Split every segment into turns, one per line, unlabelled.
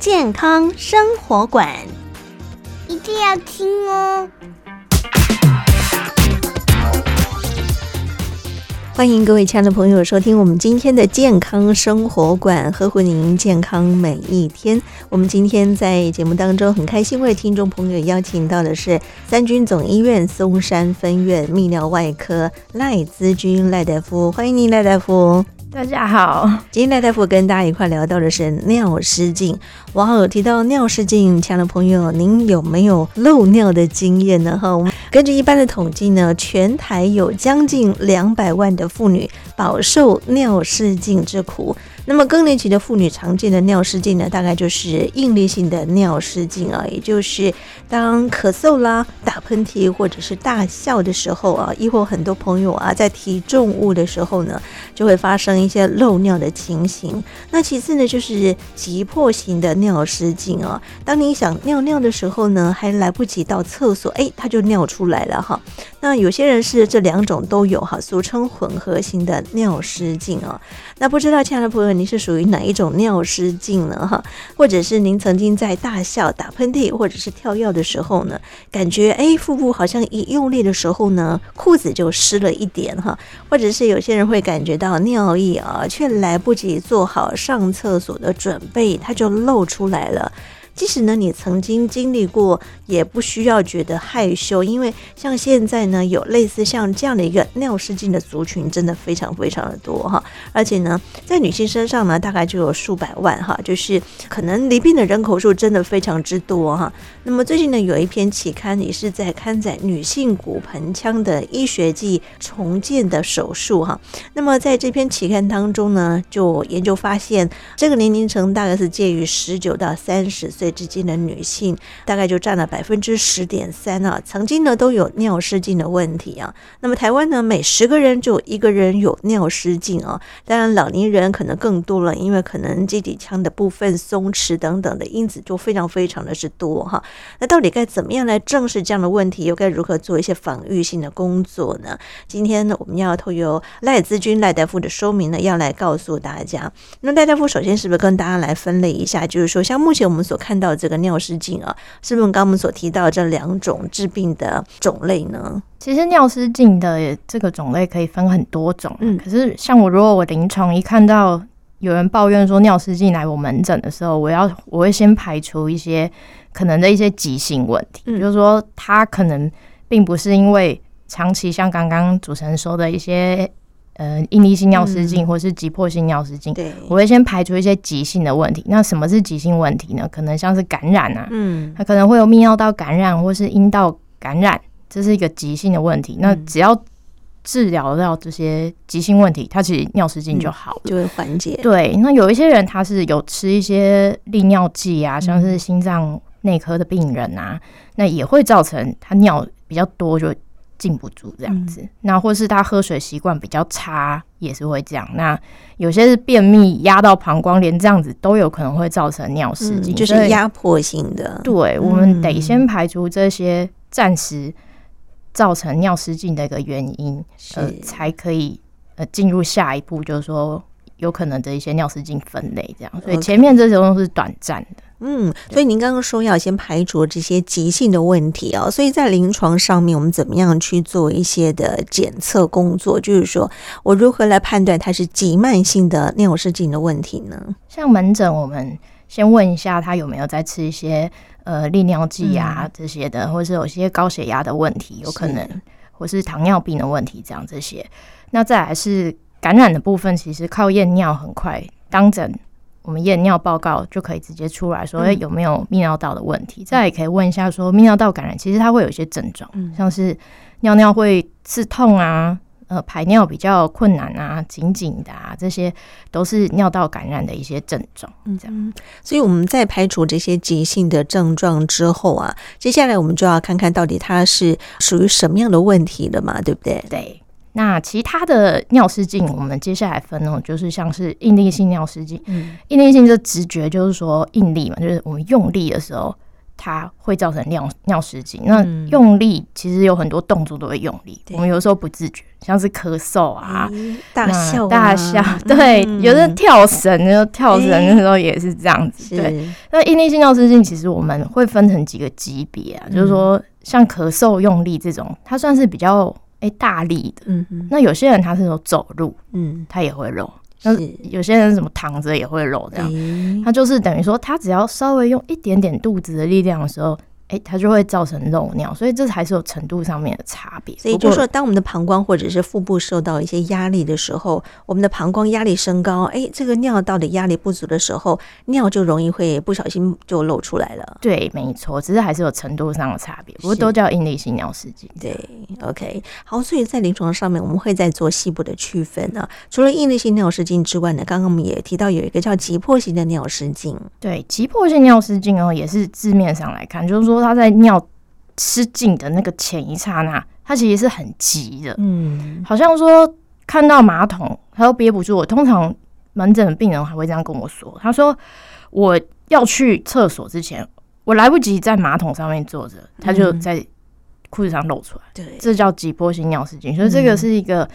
健康生活館，
一定要聽
哦！歡迎各位親愛的朋友收聽我們今天的健康生活館，呵護您健康每一天。我們今天在節目當中很開心，為聽眾朋友邀請到的是三軍總醫院松山分院泌尿外科賴姿君賴大夫，歡迎您賴大夫。大家好，今天賴大夫跟大家一塊聊到的是尿失禁。哇哦，提到尿失禁，親愛的朋友，您有沒有漏尿的經驗呢？哈，根據一般的統計呢，全台有將近兩百萬的婦女飽受尿失禁之苦。那麼更年期的婦女常見的尿失禁呢，大概就是應力性的尿失禁啊，也就是當咳嗽啦、打噴嚏或者是大笑的時候啊，亦或很多朋友啊在提重物的時候呢，就會發生一些漏尿的情形。那其次呢，就是急迫性的尿失禁啊，當你想尿尿的時候呢，還來不及到廁所，哎，它就尿出來了哈。那有些人是這兩種都有哈、啊，俗稱混合型的尿失禁啊。那不知道親愛的朋友您是屬於哪一種尿失禁呢？哈？或者是您曾經在大笑、打噴嚏或者是跳躍的時候呢，感覺哎腹部好像一用力的時候呢，褲子就濕了一點哈？或者是有些人會感覺到尿意啊，卻來不及做好上廁所的準備，它就漏出來了。即使呢，你曾經經歷過，也不需要覺得害羞，因為像現在呢，有類似像這樣的一個尿失禁的族群，真的非常非常的多哈。而且呢，在女性身上呢，大概就有數百萬哈，就是可能罹病的人口數真的非常之多哈。那麼最近呢，有一篇期刊也是在刊載女性骨盆腔的醫學暨重建的手術哈。那麼在這篇期刊當中呢，就研究發現，這個年齡層大概是介於十九到三十歲。之間的女性大概就占了百分之十點三啊，曾經呢都有尿失禁的問題啊。那麼台灣呢，每十個人就一個人有尿失禁啊，當然老年人可能更多了，因為可能肌底腔的部分鬆弛等等的因子就非常非常的之多哈。那到底該怎麼樣來正視這樣的問題，又該如何做一些防御性的工作呢？今天呢，我們要透過賴姿君賴大夫的說明呢，要來告訴大家。那賴大夫首先是不是跟大家來分類一下，就是說像目前我們所看。看到這個尿失禁啊、哦，是不是剛剛我們所提到這兩種治病的種類呢？
其實尿失禁的這個種類可以分很多種、啊，嗯，可是像我如果我臨床一看到有人抱怨說尿失禁來我門診的時候，我要我會先排除一些可能的一些急性問題，嗯、就是說他可能並不是因為長期像剛剛主持人說的一些呃，應力性尿失禁、嗯、或是急迫性尿失禁，嗯、我會先排除一些急性的問題。對那什麼是急性問題呢？可能像是感染啊，嗯，它可能會有泌尿道感染或是陰道感染，這是一個急性的問題。嗯、那只要治療到這些急性問題，它其實尿失禁就好了，嗯、就會緩解。對，那有一些人他是有吃一些利尿劑啊，嗯、像是心臟內科的病人啊，嗯、那也會造成他尿比較多就。禁不住這樣子，嗯、那或是他喝水習慣比較差，也是會這樣。那有些是便秘壓到膀胱，連這樣子都有可能會造成尿失禁，嗯、就是壓迫性的。對，我們得先排除這些暫時造成尿失禁的一個原因，嗯、呃，是才可以呃進入下一步，就是說。有可能的一些尿失禁分類這樣，所以前面這些都是短暫的。
Okay. 就嗯，所以您剛剛說要先排除這些急性的問題哦，所以在臨床上面我們怎麼樣去做一些的檢測工作？就是說我如何來判斷它是急慢性的尿失禁的問題呢？
像門診，我們先問一下他有沒有在吃一些呃利尿劑呀、啊、嗯、這些的，或是有些高血壓的問題，有可能，是或是糖尿病的問題這樣這些，那再來是。感染的部分其實靠驗尿很快當診，我們驗尿報告就可以直接出來說，哎，有沒有泌尿道的問題？嗯、再也可以問一下說，說泌尿道感染其實它會有一些症狀，嗯、像是尿尿會刺痛啊，呃，排尿比較困難啊，緊
緊的啊，這些都是尿道感染的一些症狀。嗯，這樣。所以我們在排除這些急性的症狀之後啊，接下來我們就要看看到底它是屬於什麼樣的問題了嘛，對不對？對。
那其他的尿失禁，我們接下來分哦就是像是應力性尿失禁。嗯,嗯，應力性就直覺就是說應力嘛，就是我們用力的時候，它會造成尿尿失禁。嗯、那用力其實有很多動作都會用力，嗯、我們有時候不自覺，像是咳嗽啊、嗯、大笑、啊、嗯、大笑，嗯、對，有的跳繩就跳繩的時候也是這樣子。對，那應力性尿失禁其實我們會分成幾個級別啊，就是說像咳嗽用力這種，它算是比較。哎、欸，大力的，嗯嗯、那有些人他是走走路，嗯、他也會漏，是那有些人是什麼躺着也會漏，這樣，欸、他就是等於說，他只要稍微用一點點肚子的力量的時候。欸、它就會造成漏尿，所以這還是有程度上面的差別。
所以就是說，當我們的膀胱或者是腹部受到一些壓力的時候，我們的膀胱壓力升高，哎、欸，這個尿道的壓力不足的時候，尿就容易會不小心就漏出來了。對，沒錯，只是還是有程度上的差別。不過都叫應力性尿失禁。是對，OK，好，所以在臨床上面，我們會再做細部的區分呢、啊。除了應力性尿失禁之外呢，剛剛我們也提到有一個叫急迫性的尿失禁。對，急迫
性尿失禁哦，也是字面上來看，就是說。他,說他在尿失禁的那個前一剎那，他其實是很急的，嗯，好像說看到馬桶他都憋不住我。我通常門診的病人還會這樣跟我說，他說我要去廁所之前，我來不及在馬桶上面坐着，他就在褲子上露出來，對、嗯，這叫急迫性尿失禁，所以這個是一個。嗯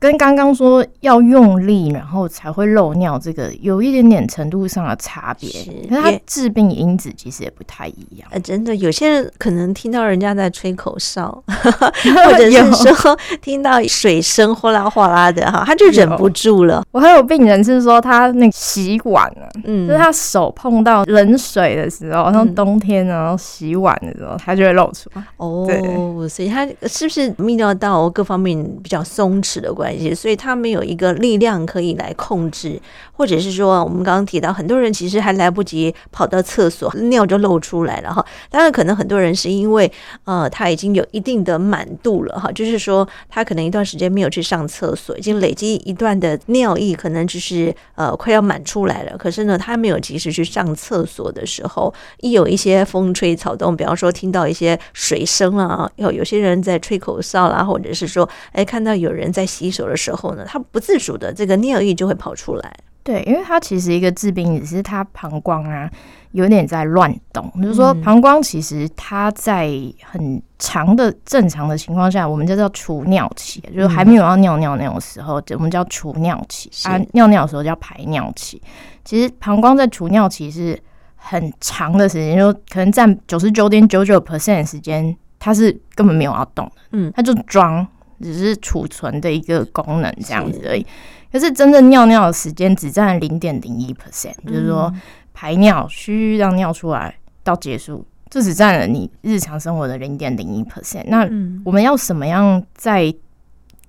跟剛剛說要用力，然後才會漏尿，這個有一點點程度上的差別，是可是它致
病因子其實也不太一樣。哎、呃，真的，有些人可能聽到人家在吹口哨，
或者是說
有聽到水聲嘩啦嘩啦的哈，他就忍不住了。
我還有病人是說，他那個洗碗啊，嗯，就是他手碰到冷
水的時候，然後、嗯、冬天、啊、然後洗碗的時候，他就會漏出來。哦，對所以他是不是泌尿道各方面比較鬆弛的關係？所以他沒有一個力量可以來控制，或者是說，我們剛剛提到很多人其實還來不及跑到廁所，尿就漏出來了哈。當然，可能很多人是因為呃，他已經有一定的滿度了哈，就是說他可能一段時間沒有去上廁所，已經累積一段的尿意，可能就是呃快要滿出來了。可是呢，他沒有及時去上廁所的時候，一有一些風吹草動，比方說聽到一些水聲啊，有有些人在吹口哨啦、啊，或者是說哎看到有人在洗手。有的時候呢，他不自主的這個尿意，就會跑出來。
對，因為它其實一個致病，只是它膀胱啊有點在亂動。嗯、就是說，膀胱其實它在很長的正常的情況下，我們叫叫儲尿期，嗯、就是還沒有要尿尿那種時候，我們叫儲尿期。是啊，尿尿的時候叫排尿期。其實膀胱在儲尿期是很長的時間，就可能占九十九點九九 percent 時間，它是根本沒有要動的。嗯，它就裝。只是儲存的一個功能這樣子而已，可是真正尿尿的時間只占零點零一 percent，就是說排尿需要尿出來到結束，這只占了你日常生活的零點零一 percent。那我們要什麼樣在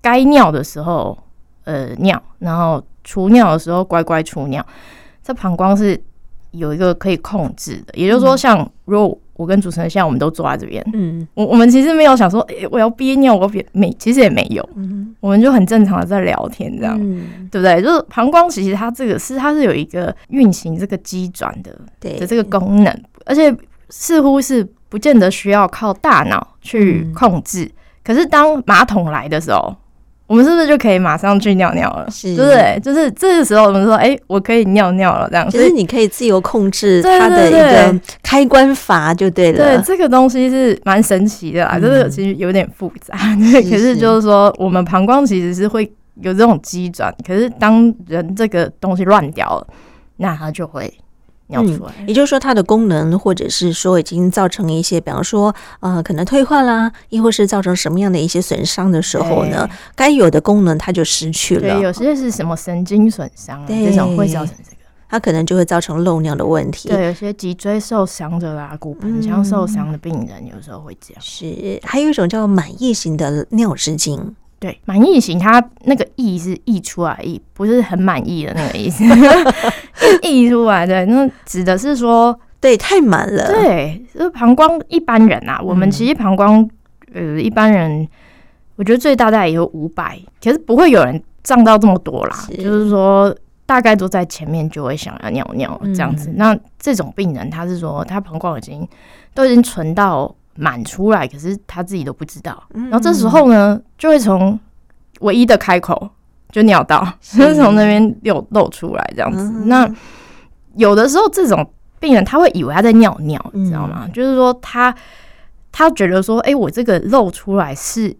該尿的時候呃尿，然後除尿的時候乖乖除尿？這膀胱是有一個可以控制的，也就是說像肉。我跟主持人現在我們都坐在這邊，嗯，我我們其實沒有想說，哎、欸，我要憋尿，我要憋，我沒，其實也沒有，嗯、哼我們就很正常的在聊天，這樣，嗯、對不對？就是膀胱，其實它這個是，它是有一個運行這個機轉的，對的這個功能，嗯、而且似乎是不見得需要靠大腦去控制。嗯、可是當馬桶來的時候。我們是不是就可以馬上去尿尿了？是不對？
就是這個時候，我們說，哎、欸，我可以尿尿了，這樣。其實你可以自由控制它的一個開關閥，就對了，對對對。對，這
個東西是蠻神奇的啊，嗯、就是其實有點複雜。對是是，可是就是說，我們膀胱其實是會有這種機轉，可是
當人這個東西亂掉了，那它就會。嗯，也就是說，它的功能，或者是說已經造成一些，比方說，呃，可能退化啦、啊，亦或是造成什麼樣的一些損傷的時候呢，該對有的功能它就失去了。對，有些是什麼神經損傷、啊，對這種會造成這個，它可能就會造成漏尿的問題。對，有
些脊椎受傷的啦、啊，骨盆腔受傷的病人有時候會這樣。嗯、是，還有一種叫滿溢型的尿失禁。對，滿溢型，他那個溢是溢出來溢，溢不是很滿意的那個意思，溢 出來的那指的是說，對，太滿了，對，就是膀胱一般人啊，我們其實膀胱，呃，一般人，我覺得最大大概也有五百，其實不會有人脹到這麼多啦，是就是說大概都在前面就會想要尿尿這樣子。嗯、那這種病人他是說，他膀胱已經都已經存到，滿出來，可是他自己都不知道。嗯嗯，然後這時候呢，就會從唯一的開口就尿道，就是從那邊有漏出來這樣子。嗯嗯，那有的時候，這種病人他會以為他在尿尿，你知道嗎？嗯、就是說他他覺得說，哎、欸，我這個漏出來是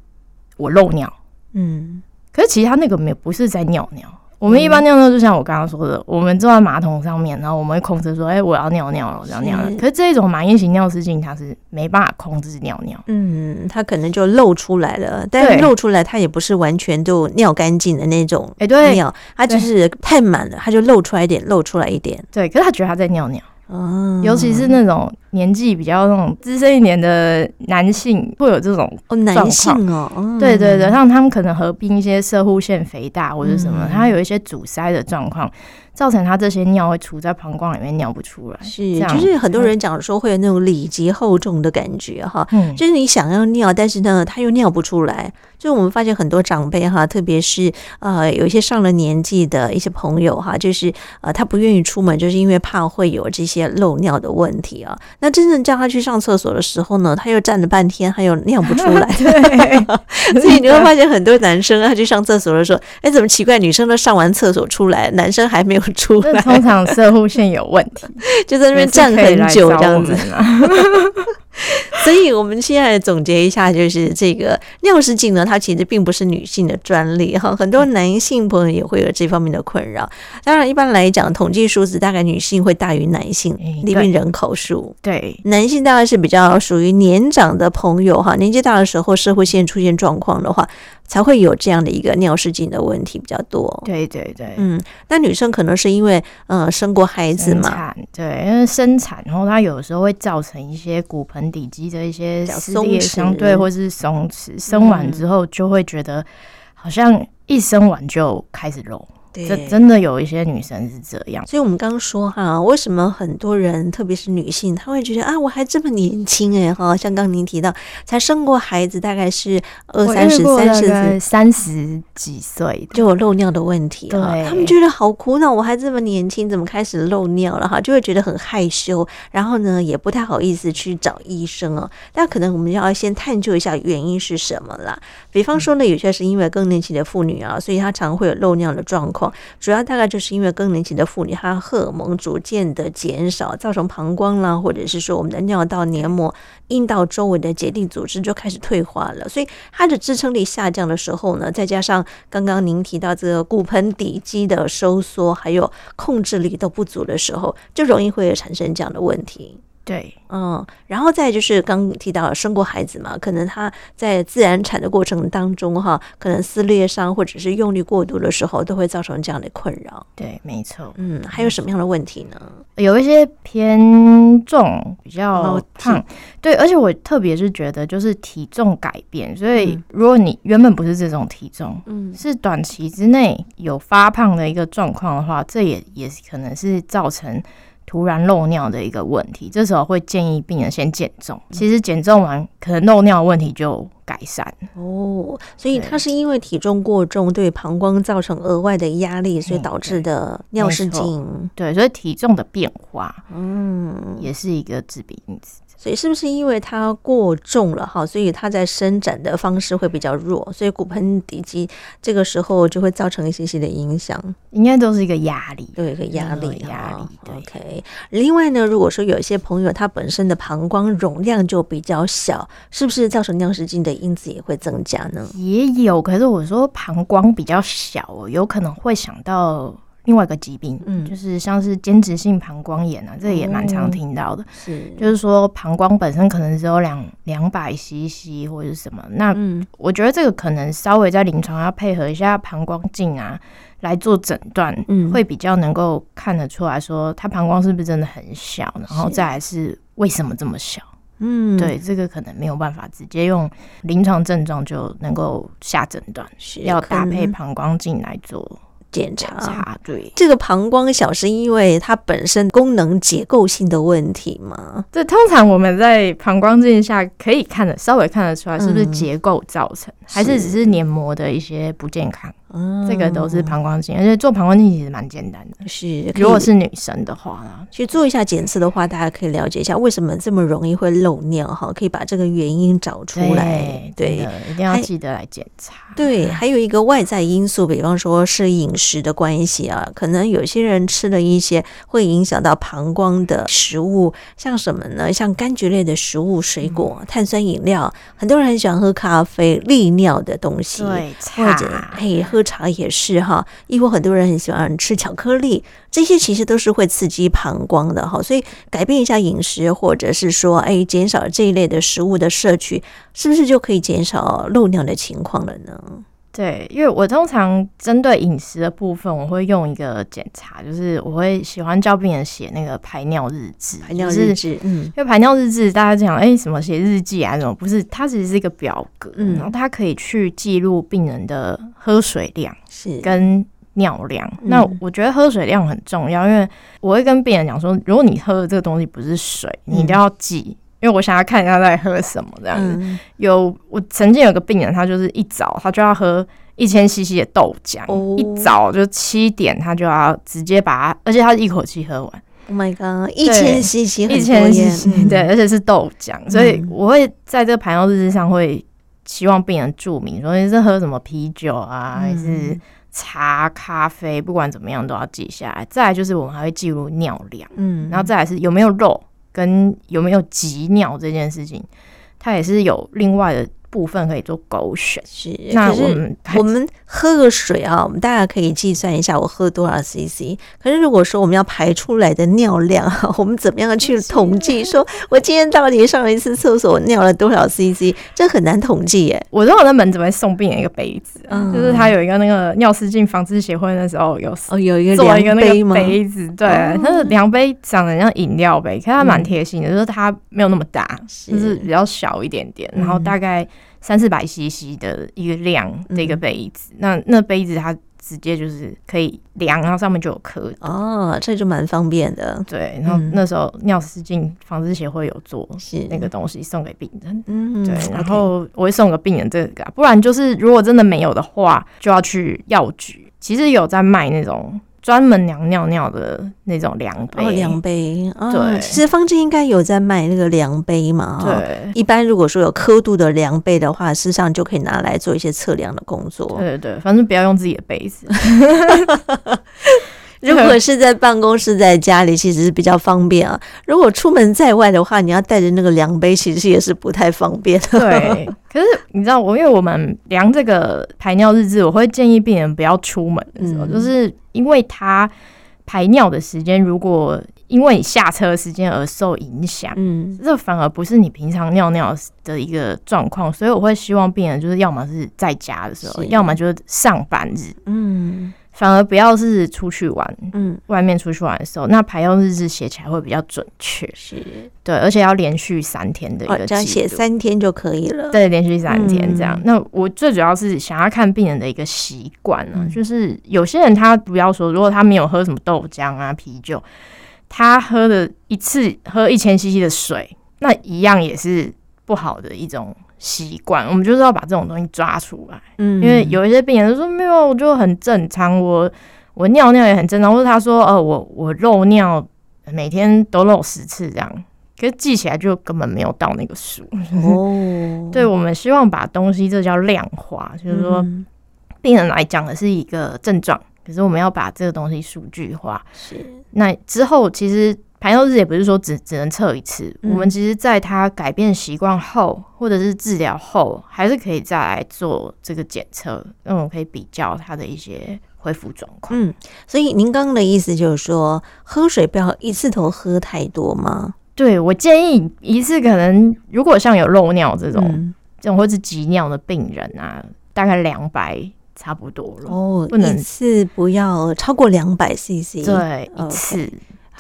我漏尿，嗯，嗯，可是其實他那個沒不是在尿尿。我們一般尿尿就像我剛剛說的，我們坐在馬桶上面，然後我們會控制說，哎、欸，我要尿尿，要尿了，我尿是可是這種滿溢型尿失禁，它是沒辦法控制尿尿。嗯，它可能就漏
出來了，但是漏出來它也不是完全就尿乾淨的那種。哎，對，它就是太滿了，它就漏出來一點，漏出來一點。對，可是它覺得它在尿尿，嗯、
尤其是那種。年紀比較那種資深一點的男性會有這種哦，男性哦？對對對，像他們可能合併一些攝護腺肥大或者什麼，嗯、他有一些阻塞的狀況，造成他這些尿會杵在膀胱裡面尿不出來。是，樣就是很多人
講說會有那種裡急後重的感覺哈，嗯、就是你想要尿，但是呢他又尿不出來。就是我們發現很多長輩哈，特別是呃有一些上了年紀的一些朋友哈，就是呃他不願意出門，就是因為怕會有這些漏尿的問題啊。那真正叫他去上廁所的時候呢，他又站了半天，他又尿不出來。 對 所以你會發現很多男生他、啊、去上廁所的時候，哎、欸，怎麼奇怪？女生都上完廁所出來，男生還沒有出來。通常攝護腺有問題， 就在那邊站很久這樣子 所以，我們現在總結一下，就是這個尿失禁呢，它其實並不是女性的專利哈，很多男性朋友也會有這方面的困擾。當然，一般來講，統計數字大概女性會大於男性，裡面人口數、嗯、對，對男性，大概是比較屬於年長的朋友哈，年紀大的時候，社會現在出現狀況的話。才會有這樣的一個尿失禁的問題比較多，嗯。對對對，嗯，那女生可能是因為，呃，生過孩子嘛，對，因為生產，然後
她有時候會造成一些骨盆底肌的一些撕裂，相對或是鬆弛，生完之後就會覺得好像一生完就開始漏。嗯嗯對這真的有一些女生是這樣，
所以我們剛剛說哈，為什麼很多人，特別是女性，她會覺得啊，我還這麼年輕哎哈，像剛您提到，才生過孩子，大概是二三十、三十三十幾歲就有漏尿的問題，啊，對，他們覺得好苦惱，我還這麼年輕，怎麼開始漏尿了哈，就會覺得很害羞，然後呢，也不太好意思去找醫生哦、啊。那可能我們就要先探究一下原因是什麼啦。比方說呢，嗯、有些是因為更年期的婦女啊，所以她常會有漏尿的狀況。主要大概就是因為更年期的婦女，她荷爾蒙逐漸的減少，造成膀胱啦，或者是說我們的尿道黏膜、陰道周圍的結締組織就開始退化了，所以它的支撐力下降的時候呢，再加上剛剛您提到這個骨盆底肌的收縮，還有控制力都不足的時候，就容易會產生這樣的問題。對，嗯，然後再就是剛提到生過孩子嘛，可能他在自然產的過程當中哈，可能撕裂傷或者是用力過度的時候，都會造成這樣的困擾。對，沒錯，嗯，還有什麼樣的問題呢？嗯，
有一些偏重，比較胖，嗯，對，而且我特別是覺得就是體重改變，所以如果你原本不是這種體重，嗯，是短期之內有發胖的一個狀況的話，這也也可能是造成突然漏尿的一個問題，這時候會建議病人先減重。其實減重完，可能漏尿問題就改
善哦。所以它是因為體重過重對膀胱造成額外的壓力，所以導致的尿失禁。對，所以體重的變化，嗯，也
是一個致病因子。嗯
所以是不是因為它過重了哈，所以它在伸展的方式會比較弱，所以骨盆底肌，這個時候就會造成一些些的影響，應該都是一個壓力，都有一個壓力哈。OK，對另外呢，如果說有一些朋友他本身的膀胱容量就比較小，是不是造成尿失禁的因子也會增加呢？也有，可是我說膀胱比較小，有可能會想
到。另外一個疾病，嗯，就是像是間質性膀胱炎啊，嗯、這也蠻常聽到的，是，就是說膀胱本身可能只有兩兩百 CC 或者是什麼，嗯、那，我覺得這個可能稍微在臨床要配合一下膀胱鏡啊來做診斷，嗯，會比較能夠看得出來說，它膀胱是不是真的很小，是然後再來是為什麼這麼小，嗯
是，對，
這個可能沒有辦法直接用臨床症狀就能夠下診斷，是要搭配膀胱鏡來做。檢查，檢查，
對。這個膀胱小是因為它本身功能結構性的問題嗎？這通常我們在膀胱鏡下可以看的，稍微看得出來是不是結構
造成，嗯、還是只是黏膜的一些不健康？是嗯嗯，這個都是膀胱鏡，而且做膀胱鏡其實蠻簡單的。是，如果是女生的話呢，
去做一下檢測的話，大家可以了解一下為什麼這麼容易會漏尿哈，可以把這個原因找出來。對，對對一定要記得來檢查。對，還有一個外在因素，比方說是飲食的關係啊，可能有些人吃了一些會影響到膀胱的食物，像什麼呢？像柑橘類的食物、水果、嗯、碳酸飲料，很多人很喜歡喝咖啡，利尿的東西，對，或者可以喝。茶也是哈，因為很多人很喜歡吃巧克力，這些其實都是會刺激膀胱的哈，所以改變一下飲食，或者是說，哎，減少這一類的食物的攝取，是不是就可以減少漏尿的情況了呢？
對，因為我通常針對飲食的部分，我會用一個檢查，就是我會喜歡叫病人寫那個排尿日誌。排尿日誌，嗯，因為排尿日誌，嗯、大家講，哎、欸，什麼寫日記啊？什麼不是？它其實是一個表格，嗯、然後它可以去記錄病人的喝水量是跟尿量。是那我覺得喝水量很重要，嗯、因為我會跟病人講說，如果你喝的這個東西不是水，你都要記。嗯因為我想要看一下他在喝什麼，這樣子。有我曾經有一個病人，他就是一早他就要喝一千 CC 的豆漿，一早就七點他就要直接把它，而且他一口氣喝完。Oh
my god！一千對 CC，一千 CC，對，
而且是豆漿。 所以我會在這個排尿日志上會希望病人注明說，你是喝什麼啤酒啊，還、嗯、是茶、咖啡，不管怎麼樣都要記下來。再來就是我們還會記錄尿量，嗯，然後再來是有沒有肉。跟有沒有急尿這件事情，他也是有另外的，部分可以做勾選，是那我們
我們喝個水啊，我們大家可以計算一下我喝多少 CC。可是如果說我們要排出來的尿量，我們怎麼樣去統計？是說我今天到底上一次廁所，我尿了多少 CC？這很難統計耶。我說我的門診送病人一個杯子，
嗯、就是他有一個那個尿失禁防治協會的時候有送、哦、有一個量杯嗎？杯子對，他、嗯、的量杯長得像飲料杯，可是它蠻貼心的，嗯、就是它沒有那麼大，就是比較小一點點，是然後大概。三四百 CC 的一個量，那個杯子，嗯、那那杯子它直接就是可以量，然後上面就有刻哦，這就蠻方便的。對，然後、嗯、那時候尿失禁防治協會有做那個東西送給病人，是對嗯，對，然後我會送個病人這個、啊，嗯 okay，不然就是如果真的沒有的話，就要去藥局，其實有在賣那種。專門量尿尿的那種量杯，哦、量杯
啊，哦、對，其實坊間應該有在賣那個量杯嘛。對，一般如果說有刻度的量杯的話，事實上就可以拿來做一些測量的工作。對，對對，反正不要用自己的杯子。 如果是在辦公室、在家裡，其實是比較方便啊。如果出門在外的話，你要帶着那個量杯，其實也是不太方便。 對。
可是你知道我，因為我們量這個排尿日誌，我會建議病人不要出門的時候，嗯、就是因為他排尿的時間如果因為你下車的時間而受影響，嗯，這反而不是你平常尿尿的一個狀況，所以我會希望病人就是要麼是在家的時候，是要麼就是上班日，嗯。反而不要是出去玩，嗯，外面出去玩的時候，那排尿日誌寫起來會比較準確。是，對，而且要連續三天的一個紀錄，這樣寫三天就可以了。對，連續三天這樣。嗯、那我最主要是想要看病人的一個習慣啊，嗯、就是有些人他不要說，如果他沒有喝什麼豆漿啊、啤酒，他喝了一次喝一千 CC 的水，那一樣也是不好的一種。習慣，我們就是要把這種東西抓出來。嗯，因為有一些病人說沒有，我就很正常，我我尿尿也很正常，或是他說、呃、我我漏尿，每天都漏十次這樣，可是記起來就根本沒有到那個數。哦， 對，我們希望把東西這個叫量化，嗯、就是說病人來講的是一個症狀，可是我們要把這個東西數據化。是，那之後其實。排尿日也不是說只只能測一次，嗯、我們其實，在它改變習慣後，或者是治療後，還是可以再來做這個檢測，那我們可以比較它的一些恢復狀
況。嗯，所以您剛剛的意思就是說，喝水不要一次頭喝太多嗎？對，
我建議一次可能，如果像有漏尿這種，嗯、這
種或是急尿的
病人啊，大概兩百差不多了。哦，不能一
次不要超過兩百 CC，對，Okay. 一次。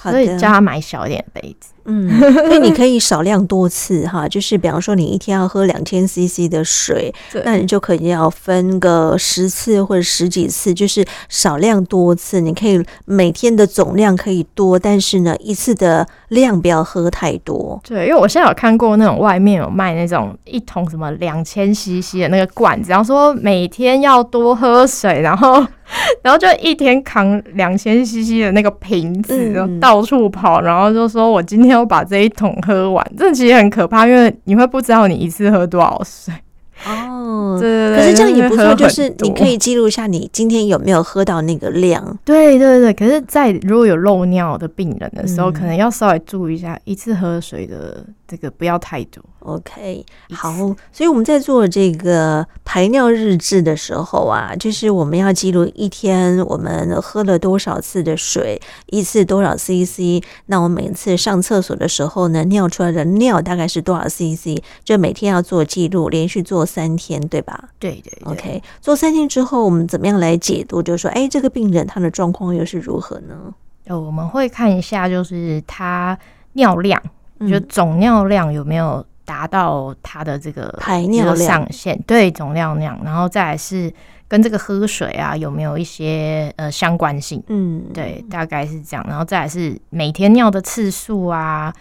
所以叫他買小點的杯子的，嗯，所以你可以少量多次 哈，就是比方說你一天要喝兩千 CC 的水，對那你就可以要分個十次或者十幾次，就是少量多次。你可以每天的總量可以多，但是呢，一次的量不要喝太多。對，因為我現在有看過那種外面有賣那種
一桶什麼兩千 CC 的那個罐子，然後說每天要多喝水，然後。 然後就一天扛兩千 CC 的那個瓶子，然後到處跑，嗯、然後就說：“我今天要把這一桶喝完。”這其實很可怕，因為你會不知道你一次喝多少水。哦， 對
對對。可是這樣也不錯，就是你可以記錄一下你今天有沒有喝到那個量。
對對對。可是，在如果有漏尿的病人的時候，嗯、可能要稍微注意一下一次喝水的。這個不要太多，OK，一
次。好。所以我們在做這個排尿日誌的時候啊，就是我們要記錄一天我們喝了多少次的水，一次多少 CC。那我們每次上廁所的時候呢，尿出來的尿大概是多少 CC？就每天要做記錄，連續做三天，對吧？對，對對。OK，做三天之後，我們怎麼樣來解讀？就是說，哎、欸，這個病人他的狀況又是如何呢？
呃，我們會看一下，就是他尿量。就總尿量有沒有達到他的這個排尿上限？尿量對，總尿量，然後再來是跟這個喝水啊有沒有一些呃相關性？嗯，對，大概是這樣，然後再來是每天尿的次數啊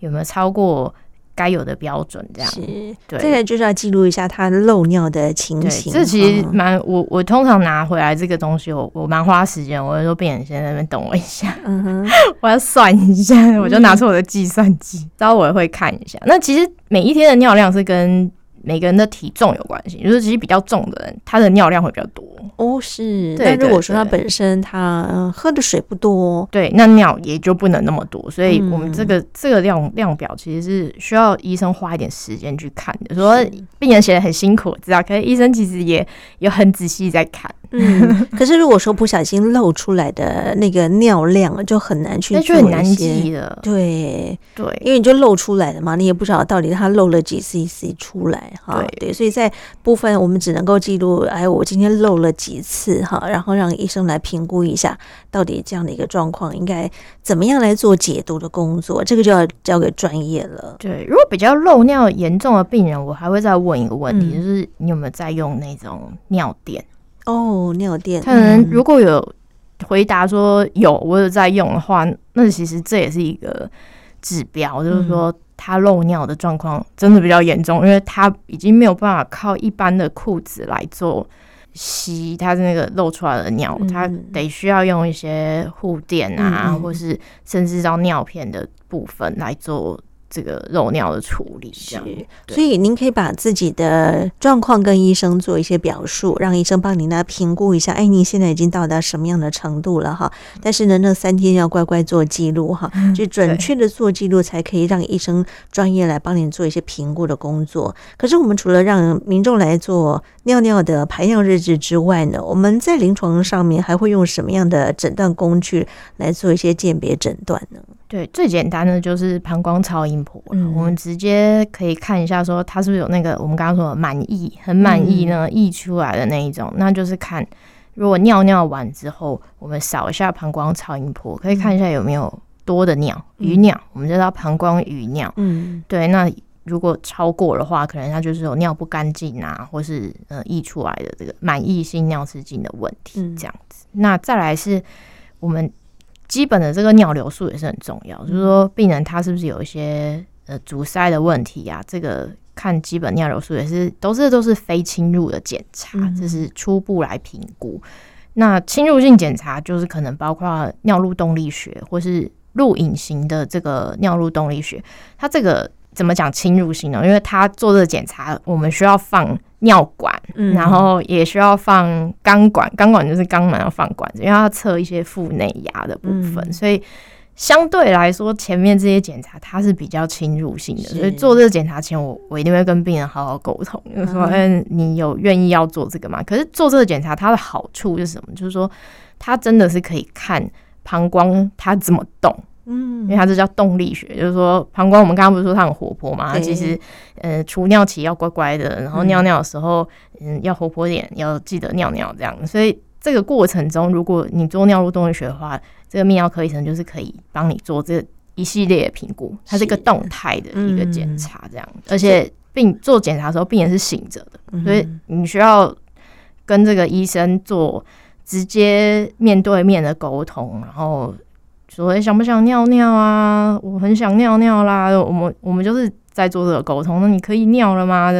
有沒有超過？該有的標準這樣，是，對，這個就是要記錄一下他漏尿的情形。這其實蠻，嗯、我我通常拿回來這個東西，我我蠻花時間。我就說病人先在那邊等我一下，嗯、哼我要算一下，我就拿出我的計算機，待會、嗯、我會看一下。那其實每一天的尿量是跟。每個人的體重有關係，就是其實比較重的人，他的尿量會比較多。
哦，oh, 是。對，但如果說他本身
他喝的水不多，對，那尿也就不能那麼多。所以，我們這個這個量量表其實是需要醫生花一點時間去看的。說病人寫得很辛苦，我知道，可是
醫生其實也有很仔細在看。 嗯，可是如果說不小心漏出來的那個尿量啊，就很難去做，那就 很難記了。對，對，因為你就漏出來了嘛，你也不曉得到底它漏了幾 c c 出來哈。對，對，所以在部分我們只能夠記錄，哎，我今天漏了幾次哈，然後讓醫生來評估一下，到底這樣的一個狀況應該怎麼樣來做解讀的工作，這個就要交給專業了。對，
如果比較漏尿嚴重的病人，我還會再問一個問題，嗯、就是你有沒有在用那種尿墊？
哦，尿墊。他可能如
果有回答說有，我有在用的話，那其實這也是一個指標，就是說他漏尿的狀況真的比較嚴重，嗯、因為他已經沒有辦法靠一般的褲子來做吸他的那個漏出來的尿，嗯、他得需要用一些護墊啊，嗯、或是甚至到尿片的部分來做。這個漏尿的處理，這樣，
是對所以您可以把自己的狀況跟醫生做一些表述，嗯、讓醫生幫您來評估一下，哎，你現在已經到達什麼樣的程度了哈？嗯、但是呢，那三天要乖乖做記錄哈，嗯、就準確的做記錄，才可以讓醫生專業來幫你做一些評估的工作。對可是我們除了讓民眾來做尿尿的排尿日誌之外呢，我們在臨床上面還會用什麼樣的診斷工具來做一些鑑別診斷呢？
對，最簡單的就是膀胱超音。嗯、我們直接可以看一下，說他是不是有那個我們剛剛說的滿溢、很滿溢呢溢、嗯、出來的那一種，那就是看如果尿尿完之後，我們掃一下膀胱超音波，可以看一下有沒有多的尿餘尿，嗯、我們叫膀胱餘尿。嗯、對，那如果超過的話，可能他就是有尿不乾淨啊，或是呃溢出來的這個滿溢性尿失禁的問題這樣子。嗯、那再來是我們。基本的這個尿流速也是很重要，就是說病人他是不是有一些呃阻塞的問題啊？這個看基本尿流速也是都是都是非侵入的檢查，嗯、這是初步來評估。那侵入性檢查就是可能包括尿路動力學或是錄影型的這個尿路動力學。它這個怎麼講侵入性呢？因為它做這個檢查，我們需要放。尿管，然後也需要放肛管。肛、嗯、管就是肛門要放管子，因為要測一些腹內壓的部分，嗯、所以相對來說前面這些檢查它是比較侵入性的。是所以做這個檢查前我，我我一定會跟病人好好溝通，就是說嗯，你有願意要做這個嗎？嗯、可是做這個檢查它的好處就是什麼？就是說它真的是可以看膀胱它怎麼動。嗯，因為它這叫動力學，就是說膀胱，我們剛剛不是說它很活潑嘛？它、欸、其實，呃，儲尿期要乖乖的，然後尿尿的時候，嗯，嗯，要活潑點，要記得尿尿這樣。所以這個過程中，如果你做尿路動力學的話，這個泌尿科醫生就是可以幫你做這一系列的評估，是的它是一個動態的一個檢查這樣。嗯、而且病做檢查的時候，病人是醒着的，所以你需要跟這個醫生做直接面對面的溝通，然後。所以想不想尿尿啊？我很想尿尿啦。我們我們就是在做這個溝通。那你可以尿了嗎？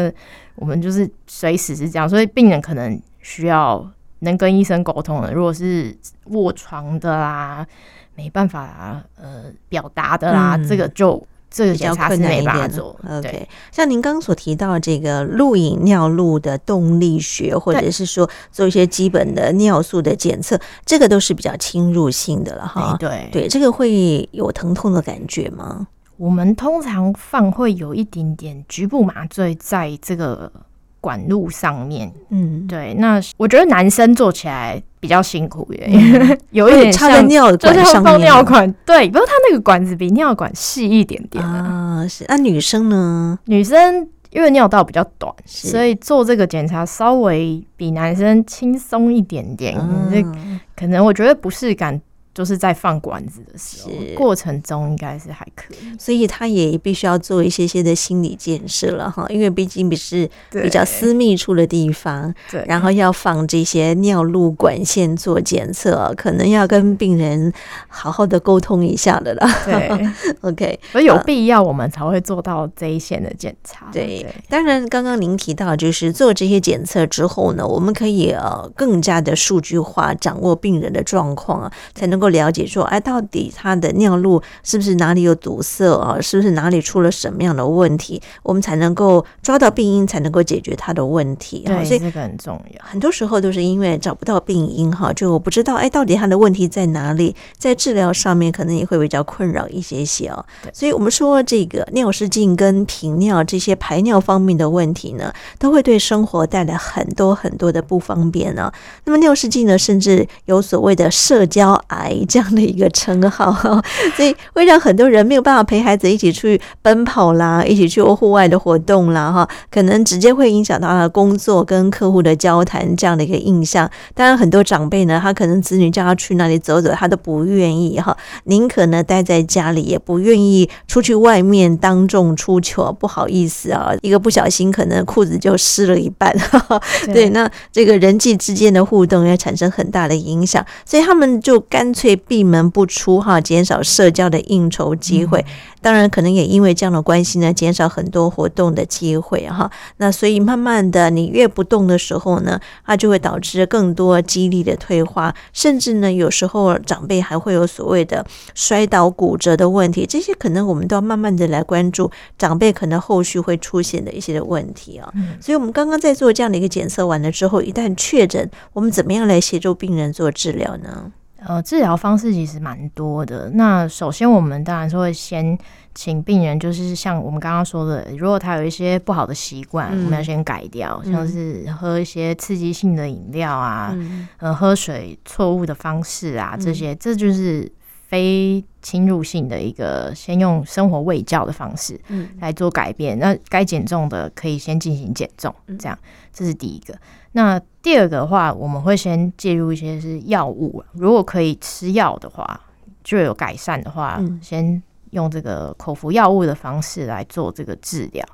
我們就是隨時是這樣。所以病人可能需要能跟醫生溝通的。如果是臥床
的啦，啊，沒辦法啊，呃，表達的啦，啊，嗯，這個就。這個檢查是沒辦法做。OK，對像您剛剛所提到這個錄影尿路的動力學，或者是說做一些基本的尿素的檢測，對這個都是比較侵入性的了哈。對對，這個會有疼痛的感覺嗎？這個會有疼痛的感覺嗎？
我們通常放會有一點點局部麻醉在這個管路上面。嗯，對。那我覺得男生做起來。比較辛苦耶，嗯、 有一點插尿的管上放尿管，對，不過它那個管子比尿管細一點點啊。是那、啊、女生呢？女生因為尿道比較短，是所以做這個檢查稍微比男生輕鬆一點點。這、嗯、可能我覺得不適感。
就是在放管子的時候是過
程中應該是還可以，
所以他也必須要做一些些的心理建設了哈，因為畢竟不是比較私密處的地方，對，然後要放這些尿路管線做檢測，對可能要跟病人好好的溝通一下的了。對 ，OK，所以有必要我們才會做到這一線的檢查。對，對當然剛剛您提到就是做這些檢測之後呢，我們可以呃更加的數據化掌握病人的狀況啊，才能夠。了解說，哎，到底他的尿路是不是哪裡有堵塞啊？是不是哪裡出了什麼樣的問題？我們才能夠抓到病因，才能夠解決他的問題啊。對，所以這個很重要。很多時候都是因為找不到病因哈，就我不知道，哎，到底他的問題在哪裡？在治療上面可能也會比較困擾一些些哦。對，所以我們說這個尿失禁跟頻尿這些排尿方面的問題呢，都會對生活帶來很多很多的不方便呢。那麼尿失禁呢，甚至有所謂的社交癌，這樣的一個稱號呵呵，所以會讓很多人沒有辦法陪孩子一起去奔跑啦，一起去戶外的活動啦，哈，可能直接會影響到他工作跟客戶的交談這樣的一個印象。當然，很多長輩呢，他可能子女叫他去那裡走走，他都不願意哈，寧可呢待在家裡，也不願意出去外面當眾出糗，不好意思啊，一個不小心可能褲子就濕了一半，呵呵對，對，那這個人際之間的互動要產生很大的影響，所以他們就乾脆。被閉門不出哈，減少社交的應酬機會，嗯、當然可能也因為這樣的關係呢，減少很多活動的機會哈、啊。那所以慢慢的，你越不動的時候呢，它就會導致更多肌力的退化，甚至呢，有時候長輩還會有所謂的摔倒骨折的問題，這些可能我們都要慢慢的來關注長輩可能後續會出現的一些的問題啊。嗯、所以我們剛剛在做這樣的一個檢測完了之後，一旦確診，我們怎麼樣來協助病人做治療呢？
呃，治療方式其實蠻多的。那首先，我們當然是會先請病人，就是像我們剛剛說的，如果他有一些不好的習慣，嗯、我們要先改掉，嗯、像是喝一些刺激性的飲料啊，嗯、呃，喝水錯誤的方式啊，這些，嗯、這就是。非侵入性的一個，先用生活衛教的方式來做改變。嗯、那該減重的可以先進行減重，這樣、嗯、這是第一個。那第二個的話，我們會先介入一些是藥物，如果可以吃藥的話，就有改善的話，嗯、先用這個口服藥物的方式來做這個治療。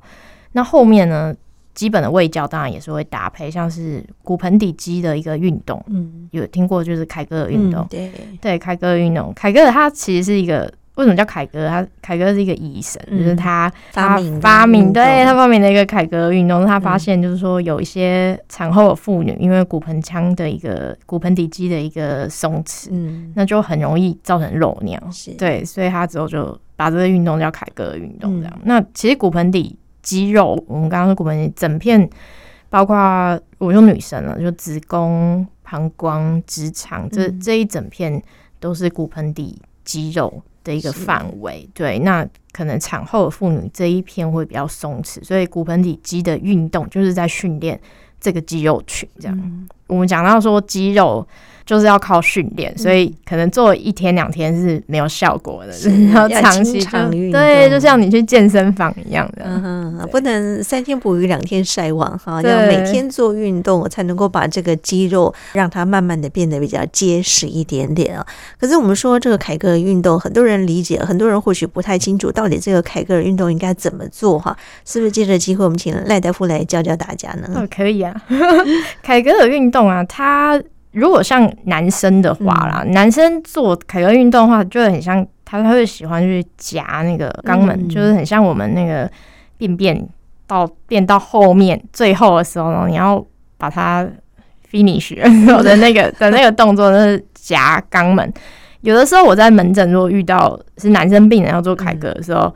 那後面呢？嗯基本的衛教當然也是會搭配，像是骨盆底肌的一個運動，嗯，有聽過就是凱格的運動，嗯、對凱格的運動，凱格的他其實是一個為什麼叫凱格？他凱格是一個醫生，嗯、就是他發明的，他發明，對他發明了一個凱格運動，他發現就是說有一些產後的婦女、嗯、因為骨盆腔的一個骨盆底肌的一個鬆弛，嗯、那就很容易造成漏尿，是對，所以他之後就把這個運動叫凱格運動這樣。嗯、那其實骨盆底。肌肉，我們剛剛說骨盆整片，包括我說女生了，就子宮、膀胱、直腸，這這一整片都是骨盆底肌肉的一個範圍。是對，那可能產後的婦女這一片會比較鬆弛，所以骨盆底肌的運動就是在訓練這個肌肉群。這樣，嗯、我們講到說肌肉。就是要靠訓練，所以可能做一天兩天是沒有效果的，要是長期要長運對，
就像你去健身房一樣的，嗯哼，對不能三天捕魚兩天曬網哈，要每天做運動才能夠把這個肌肉讓它慢慢的變得比較結實一點點啊。可是我們說這個凱格爾運動，很多人理解，很多人或許不太清楚到底這個凱格爾運動應該怎麼做哈？是不是借着機會我們請賴大夫來教教大家呢？哦，可以啊，
凱格爾運動啊，它。如果像男生的話啦，嗯、男生做凱格運動的話，就很像他，他會喜歡去夾那個肛門，嗯、就是很像我們那個便便到便到後面最後的時候呢，你要把它 finish 我的,的那個 的那個動作就是夾肛門。有的時候我在門診如果遇到是男生病人要做凱格的時候。嗯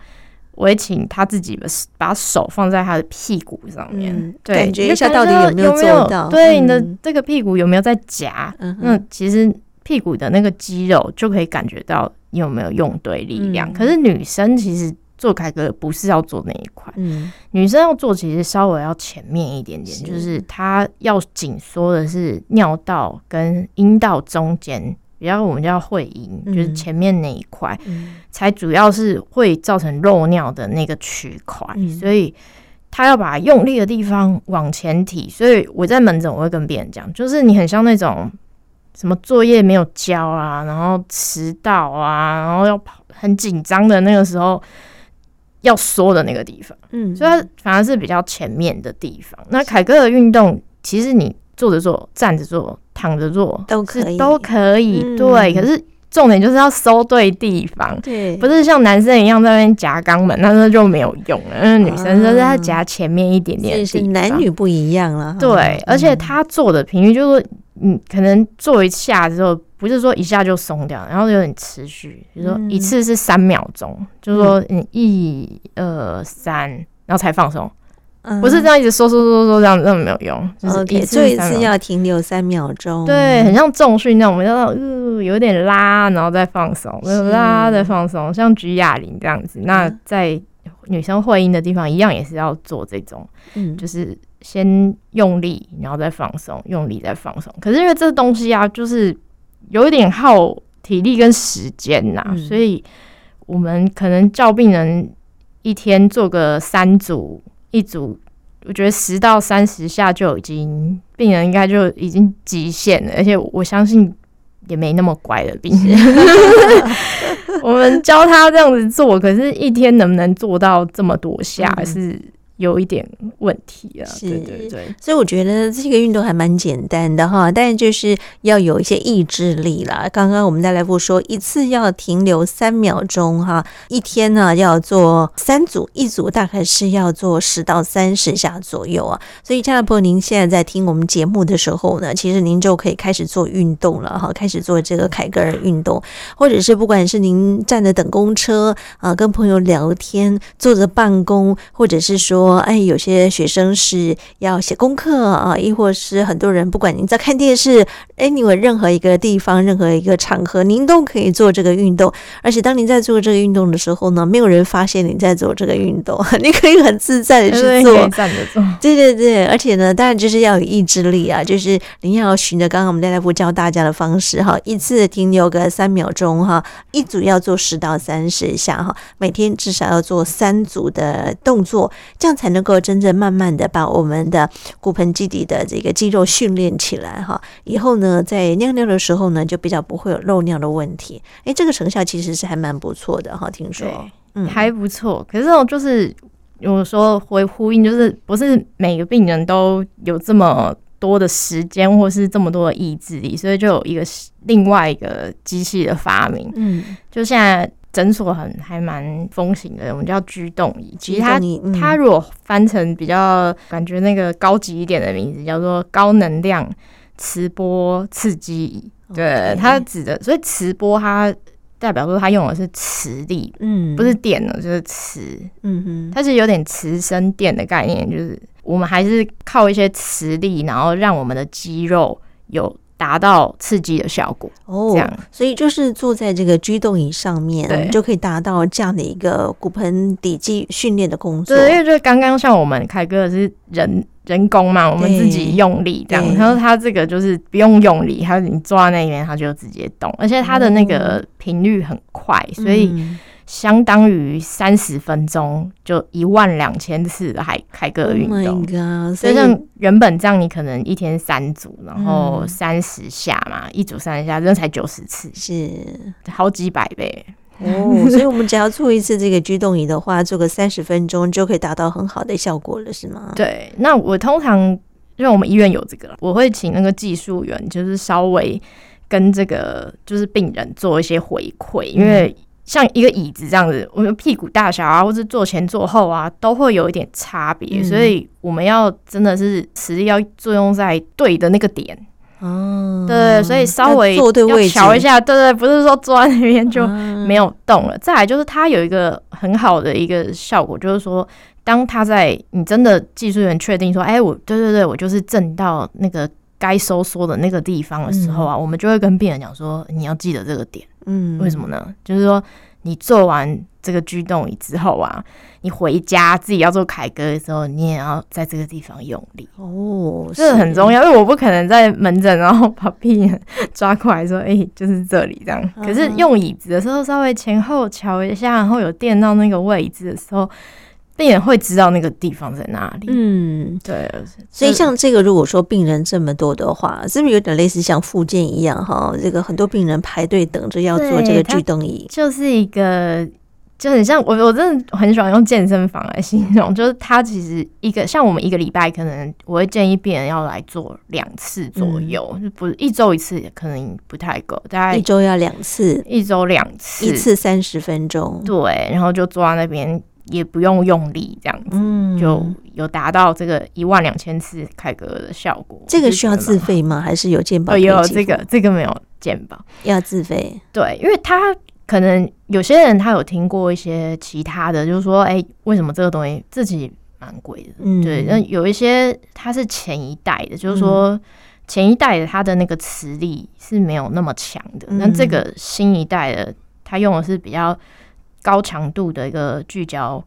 我也請他自己把手放在他的屁股上面，嗯、對，對感覺一下到底有沒有，有，沒有，對，嗯、你的這個屁股有沒有在夾？嗯、那其實屁股的那個肌肉，就可以感覺到你有沒有用對力量。嗯、可是女生其實做凱格不是要做那一塊，嗯、女生要做其實稍微要前面一點點，是就是她要緊縮的是尿道跟陰道中間。比較我們叫會陰，嗯、就是前面那一塊，嗯、才主要是會造成漏尿的那個區塊，嗯、所以他要把他用力的地方往前提。所以我在門診我會跟別人講，就是你很像那種什麼作業沒有交啊，然後遲到啊，然後要跑很緊張的那個時候要縮的那個地方，嗯，所以他反而是比較前面的地方。嗯、那凱格爾運動，其實你。坐着做，站着做，躺着做，都可以，都可以。對，可是重點就是要收對地方，對。不是像男生一樣在那邊夾肛門，那時候就沒有用了。嗯，因為女生就是在夾前面一點點、啊、是，是男女
不一樣了。
對，嗯、而且他做的頻率就是，嗯，可能做一下之後，不是說一下就鬆掉，然後就有點持續，比如說一次是三秒鐘，嗯、就是說你一、二、三，然後才放鬆。 不是這樣一直說說說說，這樣真的沒有用，做 Okay, 一次要
停留三秒鐘，對，很
像重訓那種，我們要、呃、有點拉，然後再放鬆，是有拉再放鬆，像舉啞鈴這樣子。啊、那在女生會陰的地方一樣也是要做這種，嗯、就是先用力，然後再放鬆，用力再放鬆。可是因為這東西啊，就是有一點耗體力跟時間吶、啊、嗯、所以我們可能叫病人一天做個三組。一組，我覺得十到三十下就已經病人應該就已經極限了，而且我相信也沒那麼乖的病人。我們教他這樣子做，可是，一天能不能做到這
麼多下，嗯，是。有一點問題啊，是，對，對，所以我覺得這個運動還蠻簡單的哈，但是就是要有一些意志力啦。剛剛我們的賴 P 說，一次要停留三秒鐘哈，一天呢要做三組，一組大概是要做十到三十下左右啊。所以，親愛的朋友，您現在在聽我們節目的時候呢，其實您就可以開始做運動了哈，開始做這個凱格爾運動，或者是不管是您站着等公車啊，跟朋友聊天，坐着辦公，或者是說。哎，有些學生是要寫功課啊，亦或是很多人，不管您在看電視，哎，你有任何一個地方、任何一個場合，您都可以做這個運動。而且，當您在做這個運動的時候呢，沒有人發現你在做這個運動，你可以很自在的去做。自在的做。對對對，而且呢，當然就是要有意志力啊，就是您要循着剛剛我們賴大夫教大家的方式哈，一次停留個三秒鐘哈，一組要做十到三十下哈，每天至少要做三組的動作，這樣才能夠，真正慢慢的把我們的骨盆基底的這個肌肉訓練起來哈，以後呢，在尿尿的時候呢，就比較不會有漏尿的問題。誒、欸，這個成效其實是還蠻不錯的哈，聽說，對嗯，還不錯。可是這種就是
有時候會呼應，就是不是每個病人都有這麼多的時間，或是這麼多的意志力，所以就有一個另外一個機器的發明，嗯，就像。診所很還蠻風行的，我們叫居動儀。其實它、嗯、它如果翻成比較感覺那個高級一點的名字，叫做高能量磁波刺激儀。對，Okay. 它指的所以磁波它代表說它用的是磁力，嗯，不是電的，就是磁，嗯哼，它是有點磁生電的概念，就是我們還是靠一些磁力，然後讓我們的肌肉有。達到刺激的效果哦，oh，這樣，
所以就是坐在這個居動椅上面，對就可以達到這樣的一個骨盆底肌訓練的工作。對，因為就是剛剛像我們凱哥是
人人工嘛，我們自己用力這樣，對然後他這個就是不用用力，他你坐在那邊他就直接動，而且他的那個頻率很快，嗯、所以。相當於三十分鐘就一萬兩千次的凱凱格爾運動，Oh、my God, 所以像原本這樣，你可能一天三組，然後三十下嘛，嗯、一組三十下，這才九十次，是
好幾百倍哦。 所以我們只要做一次這個驅動儀的話，做個三十分鐘就可以達到很好的效果了，是嗎？
對。那我通常因為我們醫院有這個，我會請那個技術員，就是稍微跟這個就是病人做一些回饋，嗯、因為。像一個椅子這樣子，我們屁股大小啊，或者坐前坐後啊，都會有一點差別，嗯、所以我們要真的是，實際要作用在對的那個點。哦、嗯，對，所以稍微要調一下，對對，對對，不是說坐在那邊就沒有動了。嗯、再來就是它有一個很好的一個效果，就是說，當它在你真的技術員確定說，哎、欸，我對對對，我就是正到那個。該收縮的那個地方的時候啊，嗯、我們就會跟病人講說：“你要記得這個點，嗯，為什麼呢？就是說你做完這個舉動椅之後啊，你回家自己要做凱歌的時候，你也要在這個地方用力哦，
是這個很重要，因
為我不可能在門診然後把病人抓過來說，哎、欸，就是這裡這樣。可是用椅子的時候，稍微前後調一下，然後有墊到那個位置的時候。”
病人會知道那個地方在哪裡。嗯，對。所以像這個，如果說病人這麼多的話，是不是有點類似像復健一樣哈？這個很多病人排隊等着要做這個舉動椅。
就是一個就很像我，我真的很喜歡用健身房來形容。就是它其實一個像我們一個禮拜可能我會建議病人要來做兩次左右，嗯、就不一周一次可能不太夠，大概一周要兩次，一周兩次，一次三十分鐘。對，然後就坐在那邊。也不用用力這樣子，嗯、就有達到這個一萬兩千次凱格的效果。這個需要自費
嗎？還是有健保？沒、哦、有這個，這個沒有健保，
要自費。對，因為他可能有些人他有聽過一些其他的，就是說，哎、欸，為什麼這個東西自己蠻貴的？嗯、對，那有一些他是前一代的，就是說前一代的他的那個磁力是沒有那麼強的。那、嗯、這個新一代的，他用的是比較。高強度的一個聚焦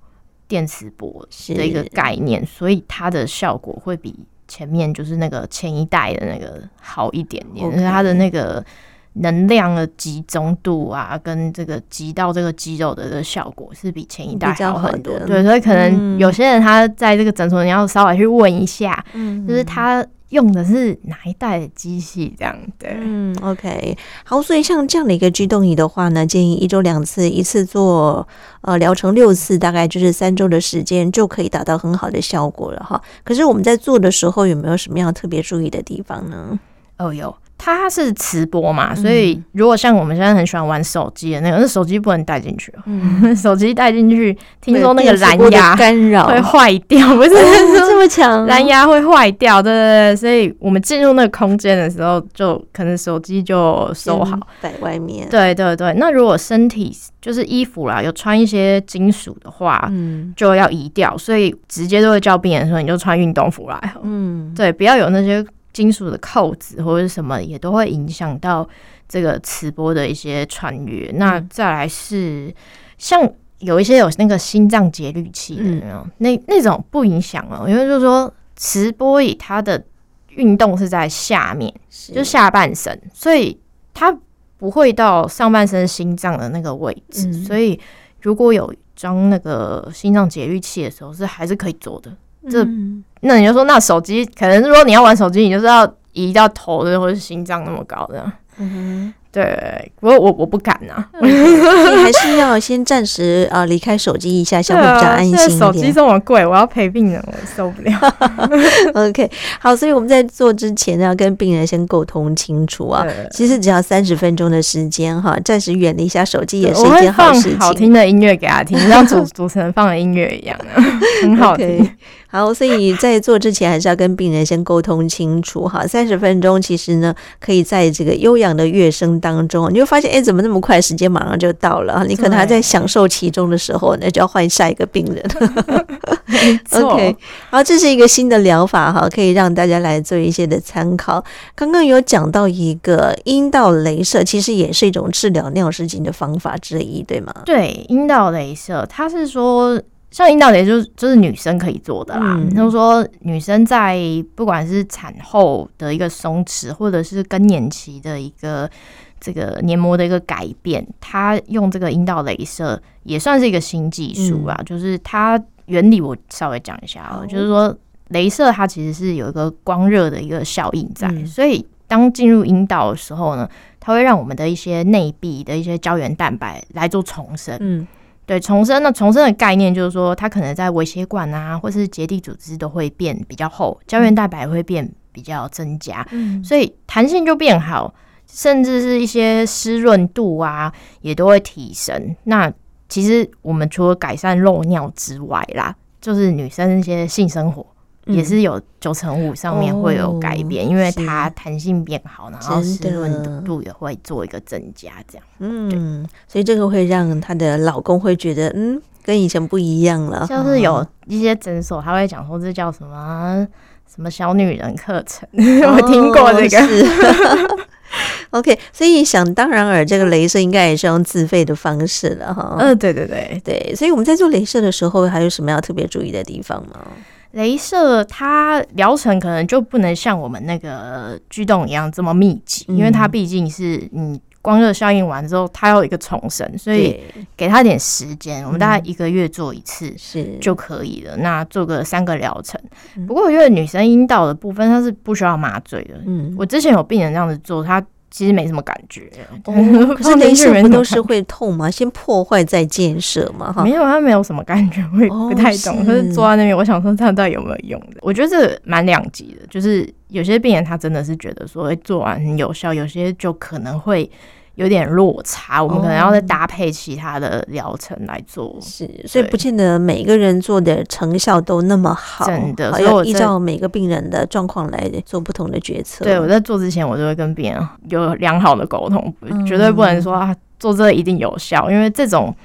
電磁波的一個概念，是所以它的效果會比前面就是那個前一代的那個好一點點，Okay. 因為它的那個。能量的集中度啊，跟這個集到這個肌肉的這個效果，是比前一代好很多。的對，所以可能有些人他在這個診所，你要稍微去問一下，嗯，就是他用的是哪一代的機器這樣。對，
嗯，OK。好，所以像這樣的一個機動儀的話呢，建議一周兩次，一次做呃療程六次，大概就是三周的時間就可以達到很好的效果了哈。可是我們在做的時候，有沒有什麼樣特別注意的地方呢？哦，有。
它是磁波嘛，所以
如果像我們現在很喜歡玩
手機的那個，嗯、那手機不能帶進去。嗯、手機帶進去，聽說那個藍牙干擾會壞掉，不是這麼
強， 藍牙
會壞掉。對，對對對，所以我們進入那個空間的時候，就可能手機就收好在外面。對對對，那如果身體就是衣服啦，有穿一些金屬的話，嗯、就要移掉。所以直接都會叫病人說，你就穿運動服來。嗯，對，不要有那些。金屬的扣子或者是什麼也都會影響到這個磁波的一些穿越。那再來是像有一些有那個心臟節律器的、嗯、那種，那那種不影響了，因為就是說磁波以它的運動是在下面，是就下半身，所以它不會到上半身心臟的那個位置。嗯、所以如果有裝那個心臟節律器的時候，是還是可以做的。這就、嗯、那你就說，那手機可能如果你要玩手機，你就是要移到頭的或者心臟那麼高的。嗯哼，
對，不過我我我不敢吶、啊，你、okay, 還是要先暫時啊離、呃、開手機一下，相對比較安心一點、啊、手機這
麼貴，我要陪病人，我受不了。
OK，好，所以我們在做之前呢要跟病人先溝通清楚啊。 對，對對其實只要三十分鐘的時間哈，暫時遠離一下手機也是一件好事情。我會放好聽的音樂給他聽，像主 主持人放的音樂一樣啊，
很好聽。
Okay. 好，所以在做之前還是要跟病人先溝通清楚哈。三十分鐘其實呢，可以在這個悠揚的樂聲當中，你會發現，哎、欸，怎麼那麼快，時間馬上就到了？你可能還在享受其中的時候呢，那就要換下一個病人 沒錯。OK，好，這是一個新的療法哈，可以讓大家來做一些的參考。剛剛有講到一個陰道雷射，其實也是一種治療尿失禁的方法之一，對嗎？
對，陰道雷射，它是說。像陰道雷射就是就是女生可以做的啦。就是、嗯、說女生在不管是產後的一個鬆弛，或者是更年期的一個這個黏膜的一個改變，它用這個陰道雷射也算是一個新技術啊。嗯、就是它原理我稍微講一下啊，哦、就是說雷射它其實是有一個光熱的一個效應在，嗯、所以當進入陰道的時候呢，它會讓我們的一些內壁的一些膠原蛋白來做重生。嗯對重生，那重生的概念就是說，它可能在微血管啊，或是結締組織都會變比較厚，膠原蛋白會變比較增加，嗯。所以彈性就變好，甚至是一些濕潤度啊，也都會提升。那其實我們除了改善漏尿之外啦，就是女生一些性生活。也是有九成五上面會有改變，嗯哦、因為它
彈性變好，是然後濕潤
度也會做一個增加，這樣。嗯，
對所以這個會讓她的老公會覺得，嗯，跟以前不一樣了。就是有
一些診所，嗯、他會講說這叫什麼什麼小女人課程，哦、我聽過這個。呵
呵 OK，所以想當然耳這個雷射應該也是用自費的方式了哈。嗯，對對對對，所以我們在做雷射的時候，還有什麼要特別注意的地方嗎？
雷射它療程可能就不能像我們那個驅動一樣這麼密集，嗯、因為它畢竟是你光熱效應完之後，它要一個重生，所以給它點時間，嗯、我們大概一個月做一次就可以了。是那做個三個療程。不過因為女生陰道的部分，它是不需要麻醉的。嗯，我之前有病人這樣子做，它。其實沒什麼感覺，對哦、可是那些人不都是會痛嗎？ 先破壞再建設嘛，哈。沒有、啊，他沒有什麼感覺，我也不太懂。哦、是，可是坐在那邊，我想說他到底有沒有用的。我覺得這蠻兩極的，就是有些病人他真的是覺得說做完很有效，有些就可能會。有點落差，我們可能要再搭
配其他的療程來做。Oh. 對是，所以不見得每個人做的成效都那麼好。真的，所以我依照每個病人的狀況來做不同的決
策。我對我在做之前，我就會跟病人有良好的溝通，嗯、絕對不能說啊，做這個一定有效，因為這種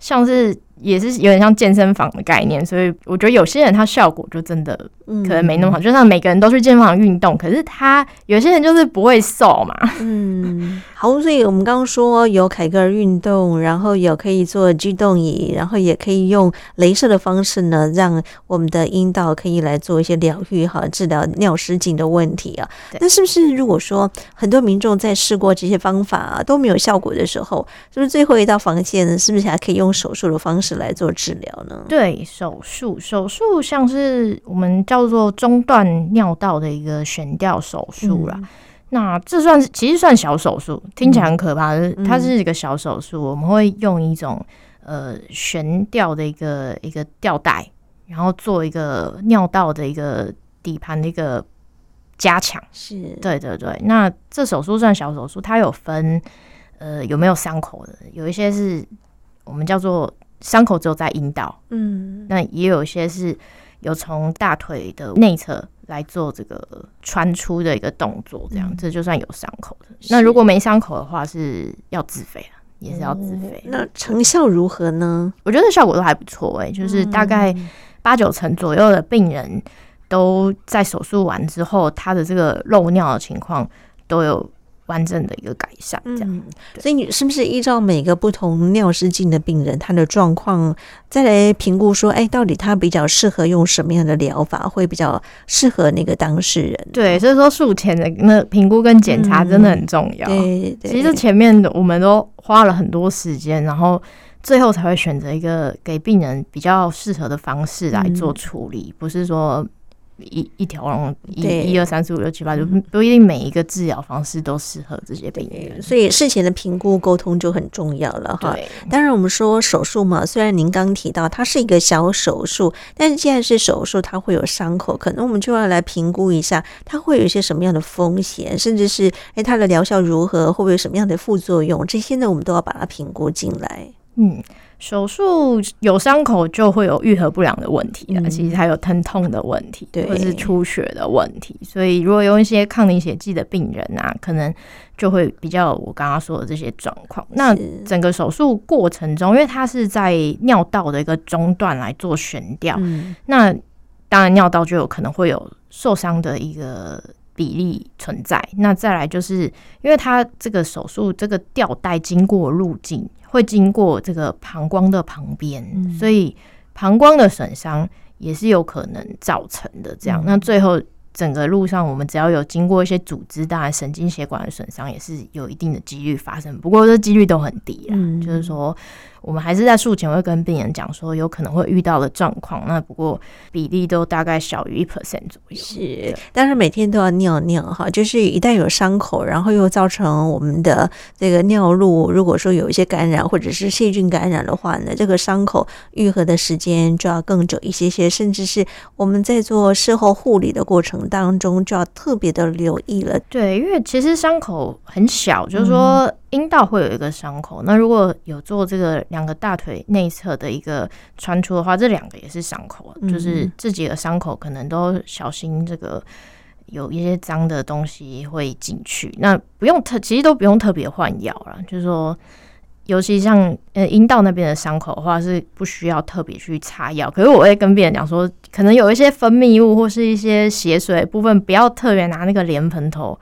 像是。也是有點像健身房的概念，所以我覺得有些人他效果就真的可能沒那麼好。嗯。就像每個人都去健身房運動，可是他
有些人就是不會瘦嘛。嗯，好，所以我們剛剛說有凱格爾運動，然後有可以做機動椅，然後也可以用鐳射的方式呢，讓我們的陰道可以來做一些療癒哈，治療尿失禁的問題啊。那對是不是如果說很多民眾在試過這些方法都沒有效果的時候，是、就、不是最後一道防線是不是還可以用手術的方式？來做治療呢？對，手術
手術像是我們叫做中段尿道的一個懸吊手術啦。嗯、那這算是其實算小手術，聽起來很可怕的，嗯、它是一個小手術。嗯、我們會用一種呃懸吊的一個一個吊帶，然後做一個尿道的一個底盤的一個加強。是對對對。那這手術算小手術，它有分呃有沒有傷口的，有一些是我們叫做。傷口只有在陰道，嗯，那也有一些是有從大腿的內側來做這個穿出的一個動作，這樣、嗯、這就算有傷口的。是那如果沒傷口的話，是要自費，嗯、也是要自費。那
成效如何呢？我覺得效果都還不錯，哎，就是大概
八九成左右的病人都在手術完之後，他的這個漏
尿的情況都有完整的一個改善，這樣。嗯、對所以你是不是依照每個不同尿失禁的病人，他的狀況，再來評估說，哎、欸，到底他比較適合用什麼樣的療法，會比較適合那個當事人？對，所以說術
前的那評估跟檢查真的很重
要。對、嗯，其實前面我們都花了很
多時間，然後最後才會選擇一個給病人比較適合的方式來做處理，嗯、不是說。一一條龍，一一二三四五六七八，就
不一定每一個治療方式都適合這些病人，所以事前的評估溝通就很重要了哈。對當然我們說手術嘛，雖然您剛提到它是一個小手術，但是既然是手術，它會有傷口，可能我們就要來評估一下，它會有一些什麼樣的風險，甚至是誒，它的療效如何，會不會有什麼樣的副作用，這些呢，我們都要把它評估進來。嗯，手術有傷口就會有癒合不良的問
題，嗯、其實還有疼痛的問題，對或是出血的問題。所以，如果用一些抗凝血劑的病人啊，可能就會比較我剛剛說的這些狀況。是那整個手術過程中，因為它是在尿道的一個中段來做懸吊，嗯、那當然尿道就有可能會有受傷的一個比例存在。那再來就是，因為它這個手術這個吊帶經過路徑。會經過這個膀胱的旁邊，嗯、所以膀胱的損傷也是有可能造成的，這樣，嗯、那最後整個路上，我們只要有經過一些組織，當然神經血管的損傷也是有一定的幾率發生，不過這幾率都很低啦，嗯、就是說。我們還是在術前會跟病人講說，有可能會遇到的狀況。那不過比例都大概小於一 percent 左右。是，對
但是每天都要尿尿哈，就是一旦有傷口，然後又造成我們的這個尿路，如果說有一些感染或者是細菌感染的話呢，是這個傷口愈合的時間就要更久一些些，甚至是我們在做術後護理的過程當中，就要特別的留意了。對，因為其實傷口很小，就是說、嗯、陰道會有一個傷口，那如
果有做這個。兩個大腿內側的一個穿出的話，這兩個也是傷口，嗯、就是自己的傷口可能都小心這個有一些髒的東西會進去。那不用特，其實都不用特別換藥了。就是說，尤其像呃陰道那邊的傷口的話，是不需要特別去擦藥。可是我會跟別人講說，可能有一些分泌物或是一些血水部分，不要特別拿那個蓮蓬頭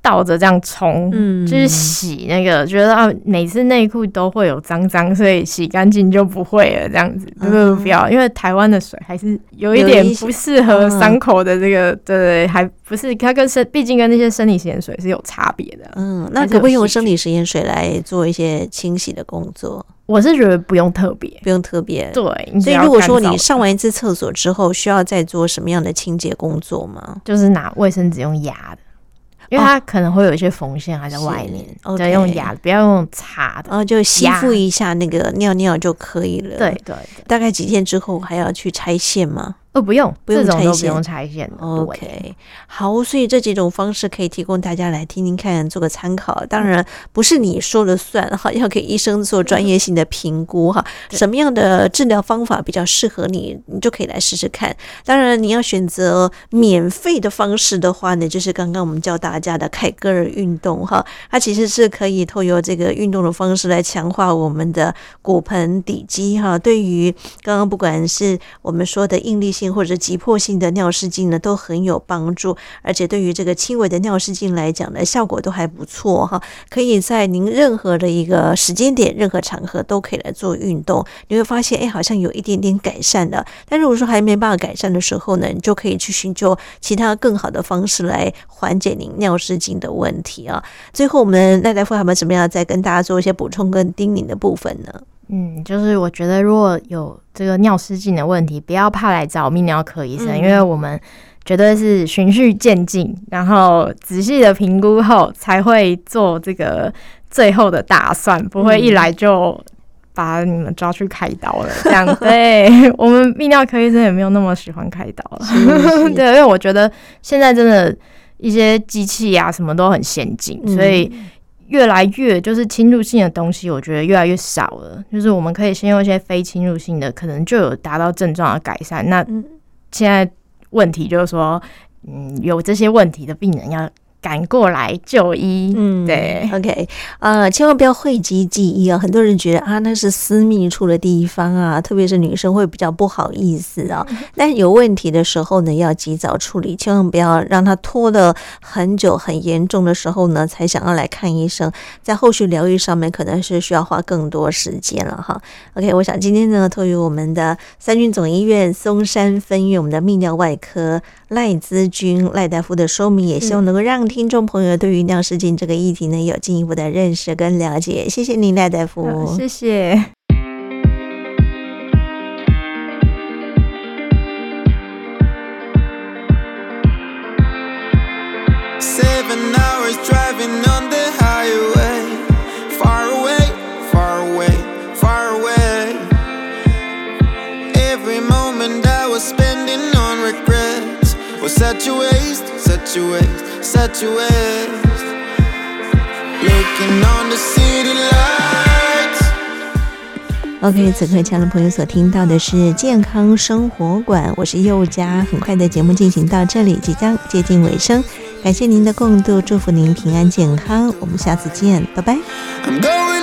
倒着這樣沖，嗯、就是洗那個，覺得啊，每次內褲都會有髒髒，所以洗乾淨就不會了。這樣子不、就是不要，嗯、因為台灣的水還是有一點不適合傷口的這、那個，嗯、對,對,對，還不是它跟生，畢竟跟
那些生理食鹽水是有差別的。嗯，那可不可以用生理食鹽水來做一些清洗的工作？我是覺得不用特別，不用特別。對，所以如果說你上完一次廁所之後，需要再做什麼樣的清潔工作嗎？就是拿衛生紙用壓的。因為它
可能會有一些縫線還在外面，哦，不要、okay、用牙，不要用
擦的，的，哦，就吸附一下那個尿尿就可以了。對，對對，大概幾天之後還要去拆線嗎？就不用，不用這種都不用拆線 OK，好，所以這幾種方式可以提供大家來聽聽看，做個參考。當然不是你說了算哈，嗯、要給醫生做專業性的評估哈。嗯、什麼樣的治療方法比較適合你，你就可以來試試看。當然，你要選擇免費的方式的話呢，就是剛剛我們教大家的凱格爾運動哈，它其實是可以透過這個運動的方式來強化我們的骨盆底肌哈。對於剛剛不管是我們說的應力性。或者急迫性的尿失禁呢，都很有幫助，而且對於這個輕微的尿失禁來講呢，效果都還不錯哈。可以在您任何的一個時間點、任何場合都可以來做運動，你會發現，哎，好像有一點點改善的。但如果說還沒辦法改善的時候呢，你就可以去尋求其他更好的方式來緩解您尿失禁的問題啊。最後，我們賴大夫還有沒有怎麼樣再跟大家做一些補充跟叮嚀的部分呢？嗯，
就是我覺得如果有這個尿失禁的問題，不要怕來找泌尿科醫生，嗯、因為我們絕對是循序漸進，然後仔細的評估後才會做這個最後的打算，不會一來就把你們抓去開刀了這樣。嗯、對， 我們泌尿科醫生也沒有那麼喜歡開刀了。 對，因為我覺得現在真的，一些機器啊什麼都很先進，嗯、所以。越來越就是侵入性的東西，我覺得越來越少了。就是我們可以先用一些非侵入性的，可能就有達到症狀的改善。那現在問題就是說，嗯，有這些問題的病人要。
趕過來就醫，嗯，對，OK，啊、呃，千萬不要諱疾忌醫啊！很多人覺得啊，那是私密處的地方啊，特別是女生會比較不好意思啊、哦。嗯、但有問題的時候呢，要及早處理，千萬不要讓她拖得很久，很嚴重的時候呢，才想要來看醫生，在後續療癒上面可能是需要花更多時間了哈。OK，我想今天呢，特約我們的三軍總醫院松山分院，我們的泌尿外科。賴姿君，賴大夫的說明，也希望能夠讓聽眾朋友對於尿失禁這個議題呢，有進一步的認識跟了解。謝謝您，賴大夫。嗯，謝謝。OK，此刻強樂朋友所聽到的是健康生活館，我是佑佳。很快的節目進行到這裡，即將接近尾聲，感謝您的共度，祝福您平安健康，我們下次見，拜拜。